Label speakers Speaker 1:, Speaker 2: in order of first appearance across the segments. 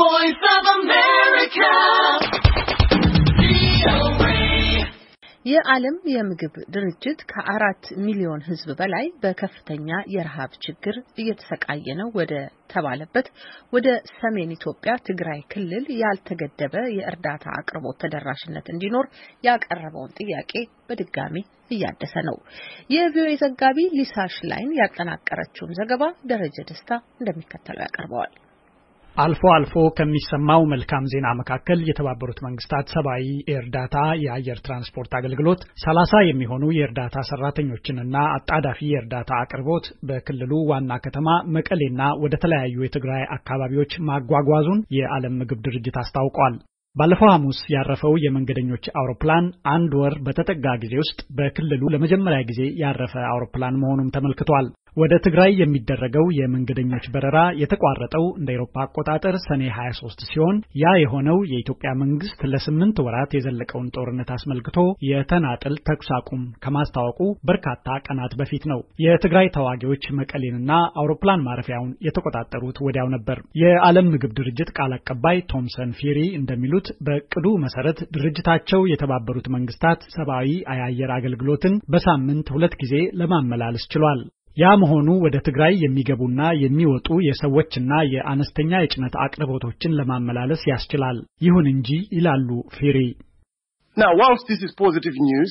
Speaker 1: voice of America. የዓለም የምግብ ድርጅት ከአራት ሚሊዮን ሕዝብ በላይ በከፍተኛ የረሃብ ችግር እየተሰቃየ ነው ወደ ተባለበት ወደ ሰሜን ኢትዮጵያ ትግራይ ክልል ያልተገደበ የእርዳታ አቅርቦት ተደራሽነት እንዲኖር ያቀረበውን ጥያቄ በድጋሚ እያደሰ ነው። የቪኦኤ ዘጋቢ ሊሳሽ ላይን ያጠናቀረችውን ዘገባ ደረጀ ደስታ እንደሚከተለው ያቀርበዋል።
Speaker 2: አልፎ አልፎ ከሚሰማው መልካም ዜና መካከል የተባበሩት መንግስታት ሰብአዊ የእርዳታ የአየር ትራንስፖርት አገልግሎት ሰላሳ የሚሆኑ የእርዳታ ሰራተኞችንና አጣዳፊ የእርዳታ አቅርቦት በክልሉ ዋና ከተማ መቀሌና ወደ ተለያዩ የትግራይ አካባቢዎች ማጓጓዙን የዓለም ምግብ ድርጅት አስታውቋል። ባለፈው ሐሙስ ያረፈው የመንገደኞች አውሮፕላን አንድ ወር በተጠጋ ጊዜ ውስጥ በክልሉ ለመጀመሪያ ጊዜ ያረፈ አውሮፕላን መሆኑም ተመልክቷል። ወደ ትግራይ የሚደረገው የመንገደኞች በረራ የተቋረጠው እንደ ኤሮፓ አቆጣጠር ሰኔ 23 ሲሆን ያ የሆነው የኢትዮጵያ መንግስት ለስምንት ወራት የዘለቀውን ጦርነት አስመልክቶ የተናጥል ተኩስ አቁም ከማስታወቁ በርካታ ቀናት በፊት ነው። የትግራይ ተዋጊዎች መቀሌንና አውሮፕላን ማረፊያውን የተቆጣጠሩት ወዲያው ነበር። የዓለም ምግብ ድርጅት ቃል አቀባይ ቶምሰን ፊሪ እንደሚሉት በእቅዱ መሰረት ድርጅታቸው የተባበሩት መንግስታት ሰብአዊ አየር አገልግሎትን በሳምንት ሁለት ጊዜ ለማመላለስ ችሏል። ያ መሆኑ ወደ ትግራይ የሚገቡና የሚወጡ የሰዎችና የአነስተኛ የጭነት አቅርቦቶችን ለማመላለስ ያስችላል። ይሁን እንጂ ይላሉ ፌሪ Now,
Speaker 1: whilst this is positive news,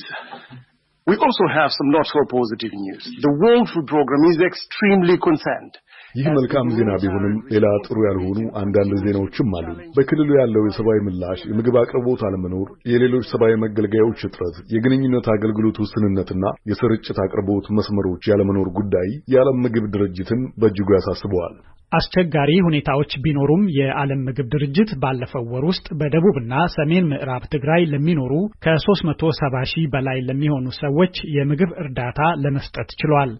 Speaker 1: we also have some not so positive news. The World Food Programme is extremely concerned ይህ መልካም ዜና ቢሆንም ሌላ ጥሩ ያልሆኑ አንዳንድ ዜናዎችም አሉ። በክልሉ ያለው የሰብአዊ ምላሽ፣ የምግብ አቅርቦት አለመኖር፣ የሌሎች ሰብአዊ መገልገያዎች እጥረት፣ የግንኙነት አገልግሎት ውስንነትና የስርጭት አቅርቦት መስመሮች ያለመኖር ጉዳይ የዓለም ምግብ ድርጅትን በእጅጉ ያሳስበዋል።
Speaker 2: አስቸጋሪ ሁኔታዎች ቢኖሩም የዓለም ምግብ ድርጅት ባለፈው ወር ውስጥ በደቡብና ሰሜን ምዕራብ ትግራይ ለሚኖሩ ከ370 ሺህ በላይ ለሚሆኑ ሰዎች የምግብ እርዳታ ለመስጠት ችሏል።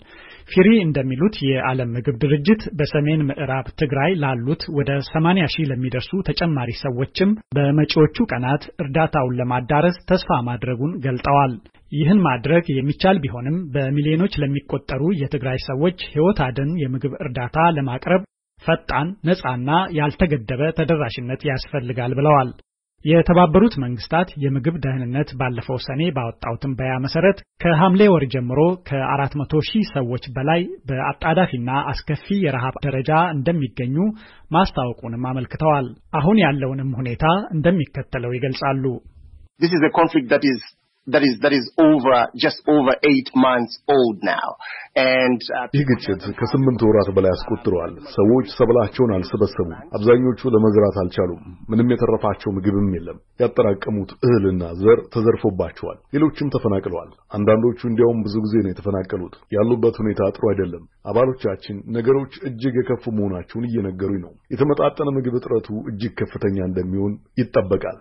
Speaker 2: ፊሪ እንደሚሉት የዓለም ምግብ ድርጅት በሰሜን ምዕራብ ትግራይ ላሉት ወደ 80 ሺህ ለሚደርሱ ተጨማሪ ሰዎችም በመጪዎቹ ቀናት እርዳታውን ለማዳረስ ተስፋ ማድረጉን ገልጠዋል። ይህን ማድረግ የሚቻል ቢሆንም በሚሊዮኖች ለሚቆጠሩ የትግራይ ሰዎች ሕይወት አድን የምግብ እርዳታ ለማቅረብ ፈጣን፣ ነፃና ያልተገደበ ተደራሽነት ያስፈልጋል ብለዋል። የተባበሩት መንግስታት የምግብ ደህንነት ባለፈው ሰኔ ባወጣው ትንበያ መሰረት ከሐምሌ ወር ጀምሮ ከ400 ሺህ ሰዎች በላይ በአጣዳፊና አስከፊ የረሃብ ደረጃ እንደሚገኙ ማስታወቁንም አመልክተዋል። አሁን ያለውንም ሁኔታ እንደሚከተለው ይገልጻሉ።
Speaker 1: This is a conflict that is that is that is over just over eight months old now uh, ይህ ግጭት ከስምንት ወራት በላይ አስቆጥሯል። ሰዎች ሰብላቸውን አልሰበሰቡም። አብዛኞቹ ለመዝራት አልቻሉም። ምንም የተረፋቸው ምግብም የለም። ያጠራቀሙት እህልና ዘር ተዘርፎባቸዋል። ሌሎችም ተፈናቅለዋል። አንዳንዶቹ እንዲያውም ብዙ ጊዜ ነው የተፈናቀሉት። ያሉበት ሁኔታ ጥሩ አይደለም። አባሎቻችን ነገሮች እጅግ የከፉ መሆናቸውን እየነገሩኝ ነው። የተመጣጠነ ምግብ እጥረቱ እጅግ ከፍተኛ እንደሚሆን ይጠበቃል።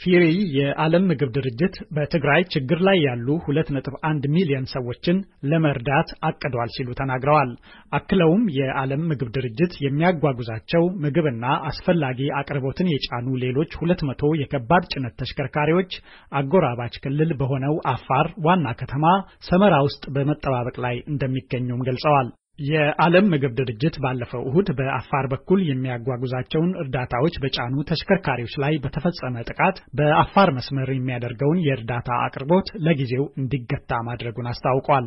Speaker 2: ፊሬይ የዓለም ምግብ ድርጅት በትግራይ ችግር ላይ ያሉ 2.1 ሚሊዮን ሰዎችን ለመርዳት አቅዷል ሲሉ ተናግረዋል። አክለውም የዓለም ምግብ ድርጅት የሚያጓጉዛቸው ምግብና አስፈላጊ አቅርቦትን የጫኑ ሌሎች 200 የከባድ ጭነት ተሽከርካሪዎች አጎራባች ክልል በሆነው አፋር ዋና ከተማ ሰመራ ውስጥ በመጠባበቅ ላይ እንደሚገኙም ገልጸዋል። የዓለም ምግብ ድርጅት ባለፈው እሁድ በአፋር በኩል የሚያጓጉዛቸውን እርዳታዎች በጫኑ ተሽከርካሪዎች ላይ በተፈጸመ ጥቃት በአፋር መስመር የሚያደርገውን የእርዳታ አቅርቦት ለጊዜው እንዲገታ ማድረጉን አስታውቋል።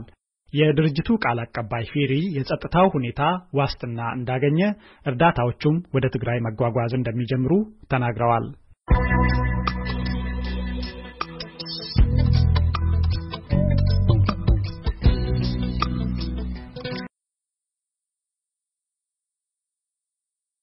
Speaker 2: የድርጅቱ ቃል አቀባይ ፊሪ የጸጥታው ሁኔታ ዋስትና እንዳገኘ እርዳታዎቹም ወደ ትግራይ መጓጓዝ እንደሚጀምሩ ተናግረዋል።